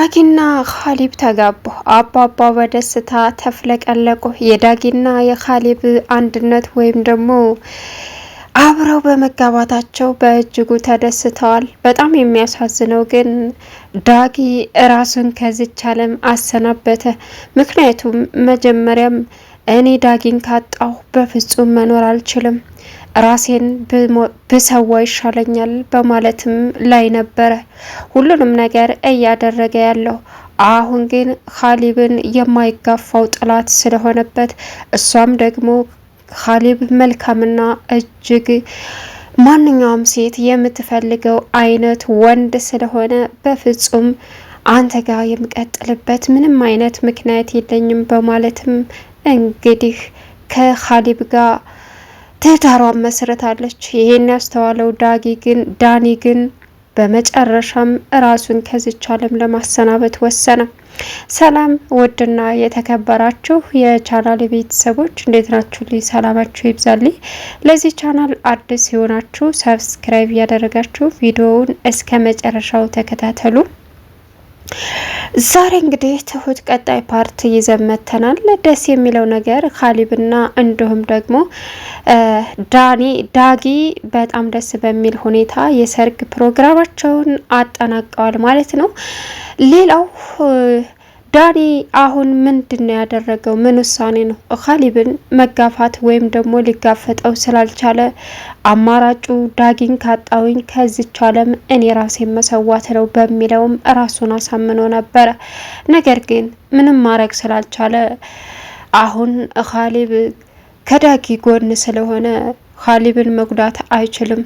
ዳጊና ካሊብ ተጋቡ። አባባ በደስታ ተፍለቀለቁ። የዳጊና የካሊብ አንድነት ወይም ደግሞ አብረው በመጋባታቸው በእጅጉ ተደስተዋል። በጣም የሚያሳዝነው ግን ዳጊ ራሱን ከዚች ዓለም አሰናበተ። ምክንያቱም መጀመሪያም እኔ ዳጊን ካጣሁ በፍጹም መኖር አልችልም ራሴን ብሰዋ ይሻለኛል በማለትም ላይ ነበረ ሁሉንም ነገር እያደረገ ያለው። አሁን ግን ኻሊብን የማይጋፋው ጠላት ስለሆነበት እሷም ደግሞ ኻሊብ መልካምና እጅግ ማንኛውም ሴት የምትፈልገው አይነት ወንድ ስለሆነ በፍጹም አንተ ጋር የምቀጥልበት ምንም አይነት ምክንያት የለኝም በማለትም እንግዲህ ከኻሊብ ጋር ትዳሯን መስረታለች። ይሄን ያስተዋለው ዳጊ ግን ዳኒ ግን በመጨረሻም ራሱን ከዚች ዓለም ለማሰናበት ወሰነ። ሰላም ውድና የተከበራችሁ የቻናል ቤተሰቦች እንዴት ናችሁ? ልይ ሰላማችሁ ይብዛልኝ። ለዚህ ቻናል አዲስ የሆናችሁ ሰብስክራይብ ያደረጋችሁ ቪዲዮውን እስከ መጨረሻው ተከታተሉ። ዛሬ እንግዲህ ትሁት ቀጣይ ፓርት ይዘመተናል። ደስ የሚለው ነገር ካሊብና እንዲሁም ደግሞ ዳኒ ዳጊ በጣም ደስ በሚል ሁኔታ የሰርግ ፕሮግራማቸውን አጠናቀዋል ማለት ነው። ሌላው ዳኒ አሁን ምንድን ነው ያደረገው? ምን ውሳኔ ነው? ካሊብን መጋፋት ወይም ደግሞ ሊጋፈጠው ስላልቻለ አማራጩ ዳጊን ካጣውኝ ከዚች ዓለም እኔ ራሴ መሰዋት ነው በሚለውም ራሱን አሳምኖ ነበረ። ነገር ግን ምንም ማድረግ ስላልቻለ አሁን ካሊብ ከዳጊ ጎን ስለሆነ ካሊብን መጉዳት አይችልም።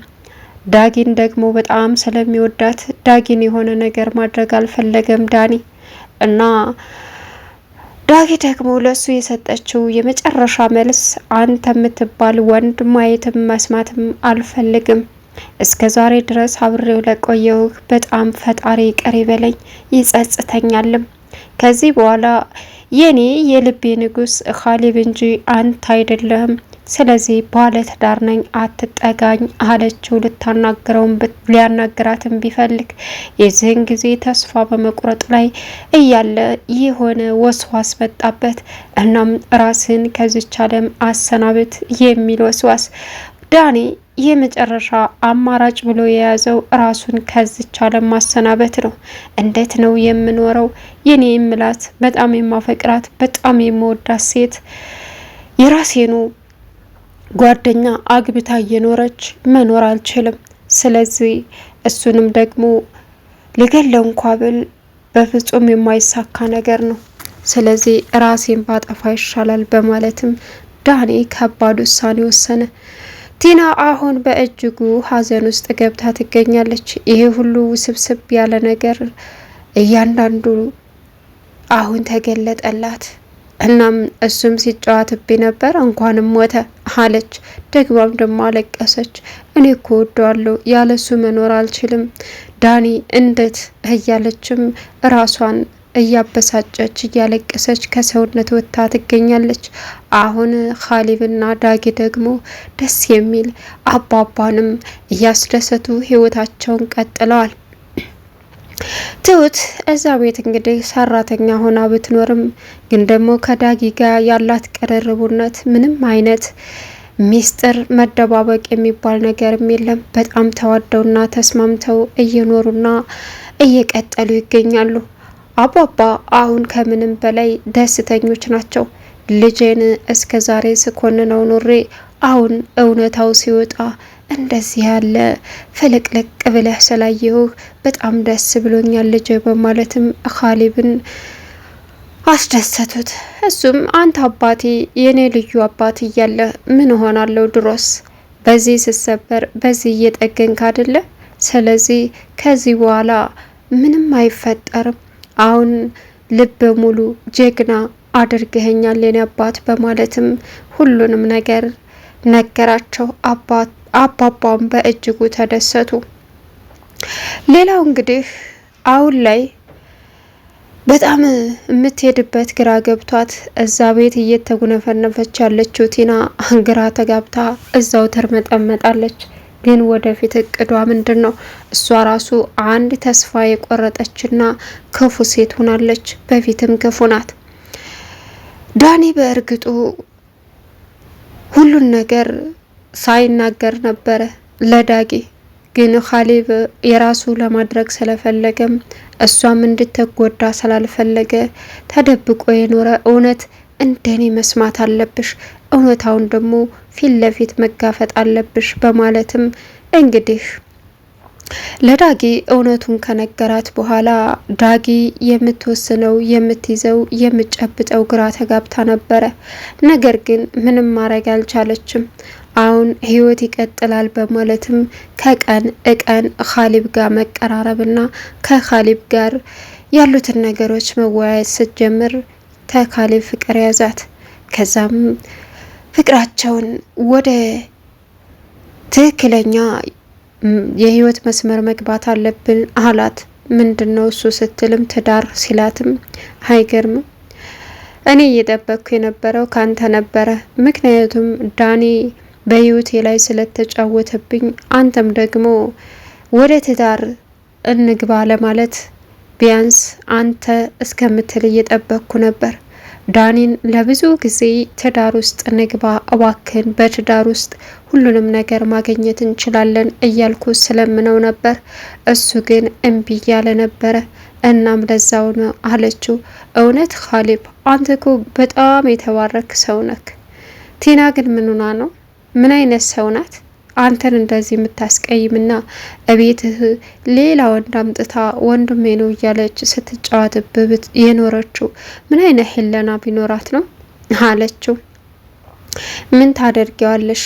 ዳጊን ደግሞ በጣም ስለሚወዳት ዳጊን የሆነ ነገር ማድረግ አልፈለገም ዳኒ እና ዳጊ ደግሞ ለሱ የሰጠችው የመጨረሻ መልስ አንተ የምትባል ወንድ ማየትም መስማትም አልፈልግም እስከ ዛሬ ድረስ አብሬው ለቆየውህ በጣም ፈጣሪ ይቅር ይበለኝ፣ ይጸጽተኛልም። ከዚህ በኋላ የኔ የልቤ ንጉስ ኻሊብ እንጂ አንተ አይደለህም። ስለዚህ ባለ ትዳር ነኝ አትጠጋኝ አለችው። ልታናግረውን ሊያናግራትን ቢፈልግ የዚህን ጊዜ ተስፋ በመቁረጥ ላይ እያለ የሆነ ወስዋስ መጣበት። እናም ራስን ከዚች ዓለም አሰናብት የሚል ወስዋስ ዳኔ የመጨረሻ አማራጭ ብሎ የያዘው ራሱን ከዚች ዓለም ማሰናበት ነው። እንዴት ነው የምኖረው? የኔ የምላት በጣም የማፈቅራት በጣም የምወዳት ሴት የራሴኑ ጓደኛ አግብታ እየኖረች መኖር አልችልም። ስለዚህ እሱንም ደግሞ ልገለው እንኳ ብል በፍጹም የማይሳካ ነገር ነው። ስለዚህ ራሴን ባጠፋ ይሻላል በማለትም ዳኒ ከባድ ውሳኔ ወሰነ። ቲና አሁን በእጅጉ ሀዘን ውስጥ ገብታ ትገኛለች። ይሄ ሁሉ ውስብስብ ያለ ነገር እያንዳንዱ አሁን ተገለጠላት። እናም እሱም ሲጫወትብኝ ነበር እንኳንም ሞተ አለች። ደግማም ደሞ አለቀሰች። እኔ እኮ ወደዋለሁ ያለሱ መኖር አልችልም ዳኒ እንዴት እያለችም ራሷን እያበሳጨች እያለቀሰች ከሰውነት ወጥታ ትገኛለች። አሁን ኻሊብና ዳጊ ደግሞ ደስ የሚል አባባንም እያስደሰቱ ህይወታቸውን ቀጥለዋል። ትሁት እዛ ቤት እንግዲህ ሰራተኛ ሆና ብትኖርም ግን ደግሞ ከዳጊ ጋር ያላት ቅርርቡነት ምንም አይነት ሚስጥር መደባበቅ የሚባል ነገርም የለም። በጣም ተዋደውና ተስማምተው እየኖሩና እየቀጠሉ ይገኛሉ። አባባ አሁን ከምንም በላይ ደስተኞች ናቸው። ልጄን እስከ ዛሬ ስኮንነው ኖሬ! አሁን እውነታው ሲወጣ እንደዚህ ያለ ፈለቅለቅ ብለህ ስላየሁ በጣም ደስ ብሎኛል ልጄ በማለትም ካሌብን አስደሰቱት። እሱም አንተ አባቴ የእኔ ልዩ አባት እያለ ምን ሆናለሁ? ድሮስ በዚህ ስሰበር በዚህ እየጠገንክ አይደለ? ስለዚህ ከዚህ በኋላ ምንም አይፈጠርም። አሁን ልብ ሙሉ ጀግና አድርገኸኛል የኔ አባት በማለትም ሁሉንም ነገር ነገራቸው። አባት አባባም በእጅጉ ተደሰቱ። ሌላው እንግዲህ አሁን ላይ በጣም የምትሄድበት ግራ ገብቷት እዛ ቤት እየተጉነፈነፈች ያለችው ቲና ግራ ተጋብታ እዛው ተርመጠመጣለች። ግን ወደፊት እቅዷ ምንድን ነው? እሷ ራሱ አንድ ተስፋ የቆረጠችና ክፉ ሴት ሆናለች። በፊትም ክፉ ናት። ዳኒ በእርግጡ ሁሉን ነገር ሳይናገር ነበረ ለዳጊ ግን ኻሊብ የራሱ ለማድረግ ስለፈለገም እሷም እንድትጎዳ ስላልፈለገ ተደብቆ የኖረ እውነት እንደኔ መስማት አለብሽ፣ እውነታውን ደግሞ ፊት ለፊት መጋፈጥ አለብሽ በማለትም እንግዲህ ለዳጊ እውነቱን ከነገራት በኋላ ዳጊ የምትወስነው የምትይዘው የምትጨብጠው ግራ ተጋብታ ነበረ። ነገር ግን ምንም ማድረግ አልቻለችም። አሁን ህይወት ይቀጥላል በማለትም ከቀን እቀን ኻሊብ ጋር መቀራረብና ከኻሊብ ጋር ያሉትን ነገሮች መወያየት ስትጀምር ተካሊብ ፍቅር ያዛት። ከዛም ፍቅራቸውን ወደ ትክክለኛ የህይወት መስመር መግባት አለብን አላት። ምንድን ነው እሱ ስትልም ትዳር ሲላትም አይገርምም እኔ እየጠበቅኩ የነበረው ካንተ ነበረ። ምክንያቱም ዳኒ በህይወቴ ላይ ስለተጫወተብኝ አንተም ደግሞ ወደ ትዳር እንግባ ለማለት ቢያንስ አንተ እስከምትል እየጠበቅኩ ነበር። ዳኒን ለብዙ ጊዜ ትዳር ውስጥ ንግባ እባክን፣ በትዳር ውስጥ ሁሉንም ነገር ማግኘት እንችላለን እያልኩ ስለምነው ነበር። እሱ ግን እምቢ እያለ ነበረ። እናም ለዛው ነው አለችው። እውነት ካሌብ፣ አንተ ኮ በጣም የተባረክ ሰው ነክ። ቲና ግን ምኑና ነው ምን አይነት ሰው ናት? አንተን እንደዚህ የምታስቀይምና እቤትህ ሌላ ወንድ አምጥታ ወንድሜ ነው እያለች ስትጫወትብብት የኖረችው ምን አይነት ሄለና ቢኖራት ነው አለችው። ምን ታደርጊዋለሽ?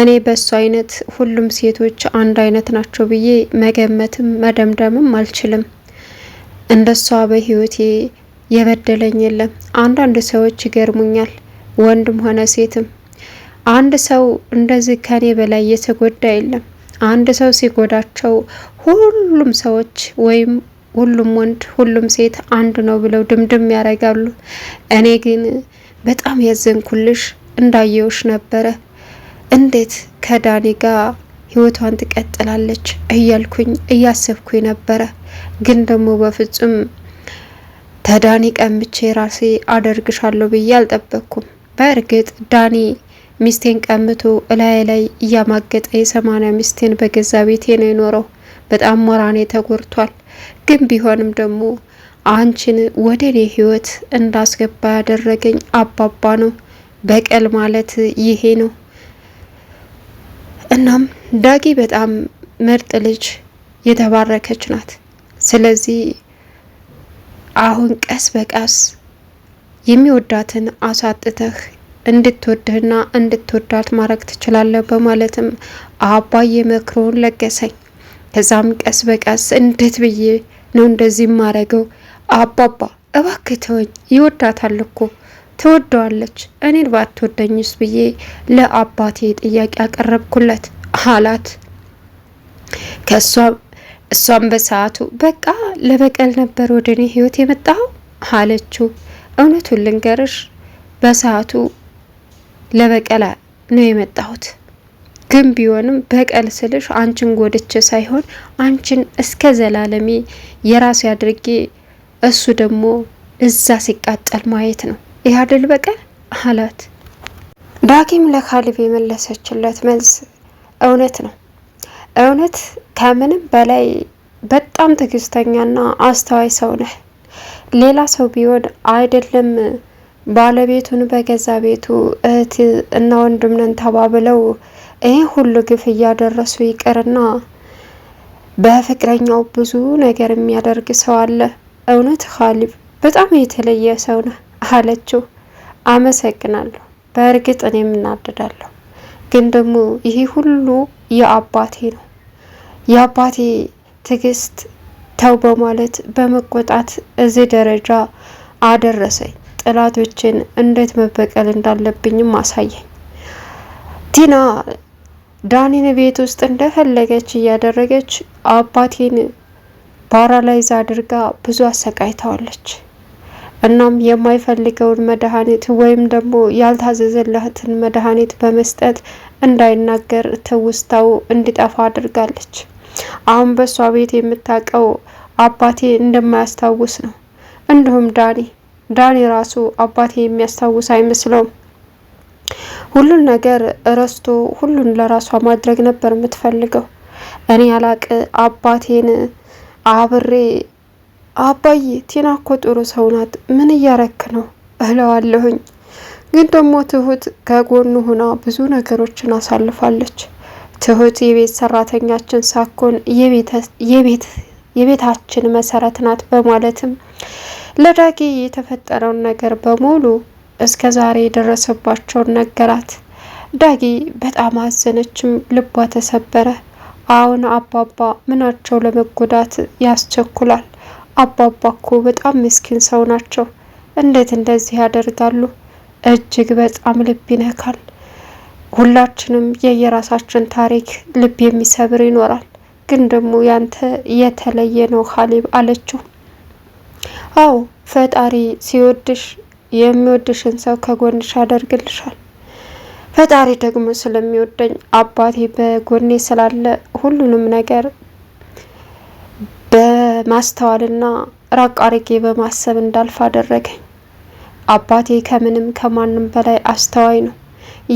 እኔ በሱ አይነት ሁሉም ሴቶች አንድ አይነት ናቸው ብዬ መገመትም መደምደምም አልችልም። እንደሷ በህይወቴ የበደለኝ የለም። አንዳንድ ሰዎች ይገርሙኛል፣ ወንድም ሆነ ሴትም አንድ ሰው እንደዚህ ከኔ በላይ የተጎዳ የለም። አንድ ሰው ሲጎዳቸው ሁሉም ሰዎች ወይም ሁሉም ወንድ ሁሉም ሴት አንድ ነው ብለው ድምድም ያደርጋሉ። እኔ ግን በጣም ያዘንኩልሽ እንዳየውሽ ነበረ። እንዴት ከዳኒ ጋር ህይወቷን ትቀጥላለች እያልኩኝ እያሰብኩኝ ነበረ። ግን ደግሞ በፍጹም ተዳኒ ቀምቼ ራሴ አደርግሻለሁ ብዬ አልጠበቅኩም። በእርግጥ ዳኒ ሚስቴን ቀምቶ እላይ ላይ እያማገጠ የሰማንያ ሚስቴን በገዛ ቤቴ ነው የኖረው። በጣም ሞራኔ ተጎድቷል። ግን ቢሆንም ደግሞ አንቺን ወደ እኔ ህይወት እንዳስገባ ያደረገኝ አባባ ነው። በቀል ማለት ይሄ ነው። እናም ዳጊ በጣም ምርጥ ልጅ የተባረከች ናት። ስለዚህ አሁን ቀስ በቀስ የሚወዳትን አሳጥተህ እንድትወድህና እንድትወዳት ማድረግ ትችላለህ በማለትም አባዬ መክሮን ለገሰኝ። ከዛም ቀስ በቀስ እንዴት ብዬ ነው እንደዚህ ማረገው? አባባ እባክህ ተወኝ፣ ይወዳታል እኮ ትወደዋለች፣ እኔን ባትወደኝስ ብዬ ለአባቴ ጥያቄ ያቀረብኩለት አላት። ከእሷም እሷም በሰዓቱ በቃ ለበቀል ነበር ወደ እኔ ህይወት የመጣው አለችው። እውነቱን ልንገርሽ በሰዓቱ ለበቀል ነው የመጣሁት ግን ቢሆንም በቀል ስልሽ አንቺን ጎድቼ ሳይሆን አንቺን እስከ ዘላለሜ የራሴ አድርጌ እሱ ደግሞ እዛ ሲቃጠል ማየት ነው። ይህ አይደል በቀል አላት። ዳኪም ለካሊብ የመለሰችለት መልስ እውነት ነው። እውነት ከምንም በላይ በጣም ትዕግስተኛና አስተዋይ ሰው ነህ። ሌላ ሰው ቢሆን አይደለም ባለቤቱን በገዛ ቤቱ እህት እና ወንድም ነን ተባብለው ይህ ሁሉ ግፍ እያደረሱ ይቅርና በፍቅረኛው ብዙ ነገር የሚያደርግ ሰው አለ። እውነት ኻሊብ በጣም የተለየ ሰው ነህ አለችው። አመሰግናለሁ። በእርግጥ እኔ የምናደዳለሁ፣ ግን ደግሞ ይሄ ሁሉ የአባቴ ነው። የአባቴ ትዕግስት ተው በማለት በመቆጣት እዚህ ደረጃ አደረሰኝ። ጠላቶችን እንዴት መበቀል እንዳለብኝም አሳየኝ። ቲና ዳኒን ቤት ውስጥ እንደፈለገች እያደረገች አባቴን ፓራላይዝ አድርጋ ብዙ አሰቃይተዋለች። እናም የማይፈልገውን መድኃኒት ወይም ደግሞ ያልታዘዘላትን መድኃኒት በመስጠት እንዳይናገር ትውስታው እንዲጠፋ አድርጋለች። አሁን በእሷ ቤት የምታውቀው አባቴ እንደማያስታውስ ነው። እንዲሁም ዳኒ ዳኒ ራሱ አባቴ የሚያስታውስ አይመስለውም። ሁሉን ነገር እረስቶ ሁሉን ለራሷ ማድረግ ነበር የምትፈልገው። እኔ ያላቅ አባቴን አብሬ አባዬ ቲና እኮ ጥሩ ሰው ናት፣ ምን እያረክ ነው እለዋለሁኝ። ግን ደግሞ ትሁት ከጎኑ ሆና ብዙ ነገሮችን አሳልፋለች። ትሁት የቤት ሰራተኛችን ሳኮን የቤታችን መሰረት ናት በማለትም ለዳጌ የተፈጠረውን ነገር በሙሉ እስከ ዛሬ የደረሰባቸውን ነገራት። ዳጌ በጣም አዘነችም፣ ልቧ ተሰበረ። አሁን አባባ ምናቸው ለመጎዳት ያስቸኩላል? አባባ እኮ በጣም ምስኪን ሰው ናቸው። እንዴት እንደዚህ ያደርጋሉ? እጅግ በጣም ልብ ይነካል። ሁላችንም የየራሳችን ታሪክ ልብ የሚሰብር ይኖራል። ግን ደግሞ ያንተ የተለየ ነው ሀሊብ አለችው። አዎ ፈጣሪ ሲወድሽ የሚወድሽን ሰው ከጎንሽ ያደርግልሻል። ፈጣሪ ደግሞ ስለሚወደኝ አባቴ በጎኔ ስላለ ሁሉንም ነገር በማስተዋልና ራቅ አርጌ በማሰብ እንዳልፍ አደረገኝ። አባቴ ከምንም ከማንም በላይ አስተዋይ ነው።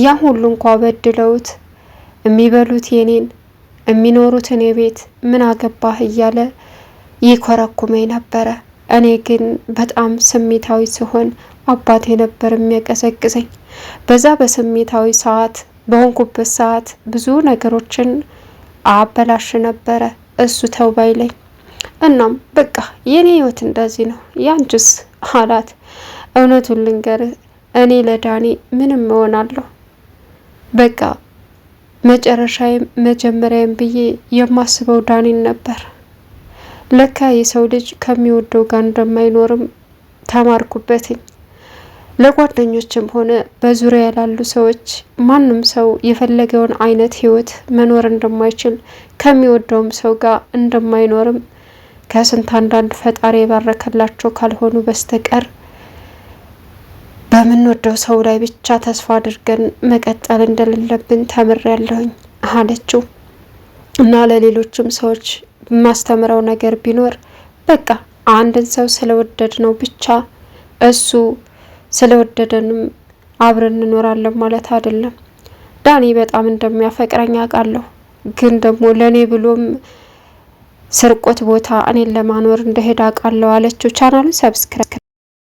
ያ ሁሉ እንኳ በድለውት የሚበሉት የኔን የሚኖሩት እኔ ቤት ምን አገባህ እያለ ይኮረኩመኝ ነበረ። እኔ ግን በጣም ስሜታዊ ስሆን አባቴ ነበር የሚያቀሰቅሰኝ። በዛ በስሜታዊ ሰዓት በሆንኩበት ሰዓት ብዙ ነገሮችን አበላሽ ነበረ እሱ ተው ላይ እናም በቃ የኔ ህይወት እንደዚህ ነው ያንቺስ አላት። እውነቱን ልንገር እኔ ለዳኔ ምንም እሆናለሁ በቃ መጨረሻዬም መጀመሪያዬም ብዬ የማስበው ዳኔን ነበር። ለካ የሰው ልጅ ከሚወደው ጋር እንደማይኖርም ተማርኩበትኝ። ለጓደኞችም ሆነ በዙሪያ ያላሉ ሰዎች ማንም ሰው የፈለገውን አይነት ህይወት መኖር እንደማይችል ከሚወደውም ሰው ጋር እንደማይኖርም ከስንት አንዳንድ ፈጣሪ የባረከላቸው ካልሆኑ በስተቀር በምንወደው ሰው ላይ ብቻ ተስፋ አድርገን መቀጠል እንደሌለብን ተምሬያለሁኝ አለችው። እና ለሌሎችም ሰዎች የማስተምረው ነገር ቢኖር በቃ አንድን ሰው ስለወደድ ነው ብቻ እሱ ስለወደደንም አብረን እንኖራለን ማለት አይደለም። ዳኒ በጣም እንደሚያፈቅረኝ አውቃለሁ፣ ግን ደግሞ ለእኔ ብሎም ስርቆት ቦታ እኔን ለማኖር እንደሄድ አውቃለሁ አለችው። ቻናሉን ሰብስክራይብ